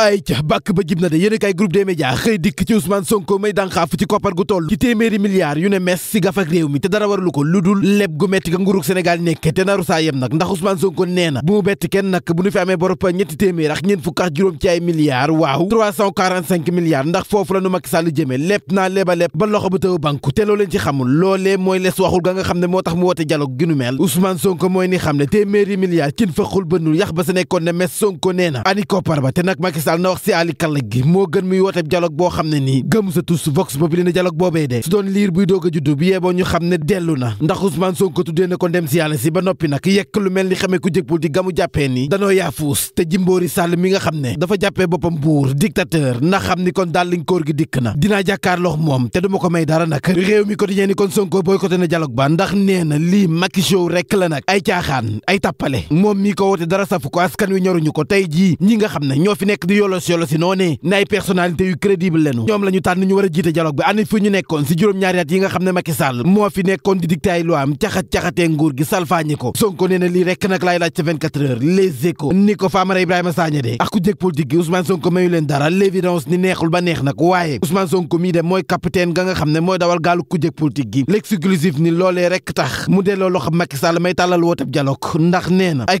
ay ca bàkk ba jib na de yéen kay groupe des médias xëy dikk ci Ousmane Sonko mooy les xam ne téeméeri milliards cin fëqul bënul yax ba sa ne mes Sonko nee na ani koppar ba te nag Macky Sall na wax si Ali Kalla gi moo gën muy wooteb dialogue boo xam ne nii gëm sa tous vox populi ne dialogue boobee dee su doon liir buy doog a juddu bi yeeboo ñu xam ne dellu na ndax Ousmane Sonko tuddee na ko ndem si yàlla si ba noppi nag yekk lu mel ni xamee ku jëg politique gamu jàppee ni danoo yaafuus te jimboori Sall mi nga xam ne dafa jàppee boppam buur dictateur na xam ni kon daal koor gi dikk na dinaa jàkkaarloo moom te duma ko may dara nag réew mi la nag ay caaxaan ay tàppale moom mi ko woote dara safu ko askan wi ñoruñu ko tey yolos yolos yi noo ne ne ay personnalité yu crédible lenu ñoom la ñu tànn ñu war a jiite dialogue bi anit fi ñu nekkoon si juróom-ñaari yi nga xam ne Macky Sall moo fi nekkoon di dicté ay loi am caxat-caxatee nguur gi salfaañi ko Sonko nee na lii rekk nag laay laaj sa 24 heures les échos ni ko Famara Ibrahima Sagna de ak ku jëkk politique gi Ousmane Sonko mayu leen dara l'évidence ni neexul ba neex nag waaye Ousmane Sonko mii de ga xam ne mooy dawal gaalu ku jëkk politique gi l'exclusif ni loolee rekk tax mu delloo loxo Macky Sall may tàllal wootab dialogue ndax nee na ay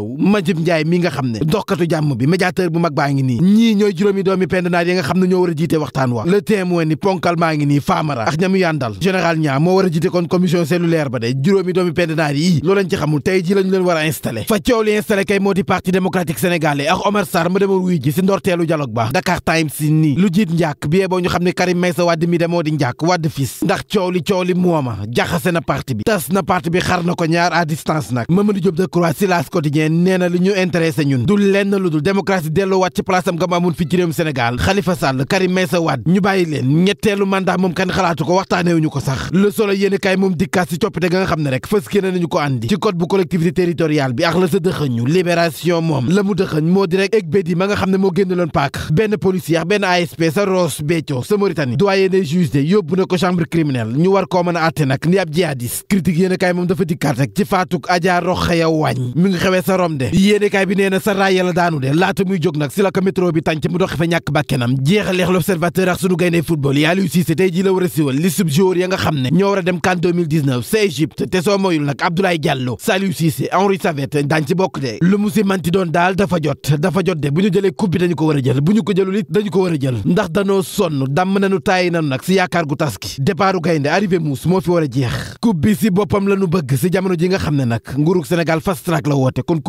yeewu Majib Njaay mi nga xam ne doxkatu jàmm bi médiateur bu mag baa ngi nii ñii ñooy juróomi doomi pendanaar yi nga xam ne ñoo war a jiite waxtaan wa le témoin ni ponkal maa ngi nii faamara ak ñamu yàndal général ñaa moo war a jiite kon commission cellulaire ba de juróomi doomi pendanaar yi loo ci xamul tey ji lañu leen war a installé fa coow li installé kay moo di parti démocratique sénégalais ak Omar Sarr ma demoon wuy ji si ndorteelu dialogue nee na li ñu intéressé ñun du lenn lu dul démocratie delloowaat ci place nga mu amoon fi ci réewum Sénégal Khalifa Sall Karim Meïssa Wade ñu bàyyi leen ñetteelu mandat moom kan xalaatu ko waxtaanewuñu ko sax le solo yéen kaay moom dikkaat ci coppite ga nga xam ne rek fës kéene nañu ko àndi ci code bu collectivité territoriale bi ak la sa dëxëñu libération moom la mu dëxëñ moo di rek ek yi ma nga xam ne moo génn loon paak benn policier benn a morom de bi nee sa raaya la daanu de laata muy jóg nag si la ko métro bi tànc mu dox fa ñàkk bàkkenam jeexaleex l'observateur ak sunu gaynde football yi Aliou Cissé tey ji la war a siwal li sub ya nga xam ne ñoo war a dem CAN sa Égypte te soo moyul nag Abdoulaye Diallo Saliou Cissé Henri Savet daañ ci bokk de lu mu si manti doon daal dafa jot dafa jot de bu ñu jëlee coupe dañu ko war a jël bu ñu ko jëlul it dañu ko war a jël ndax danoo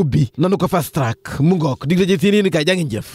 coupe nanu ko fast track mu ngook dig daje i kaay jaa ngeen jëf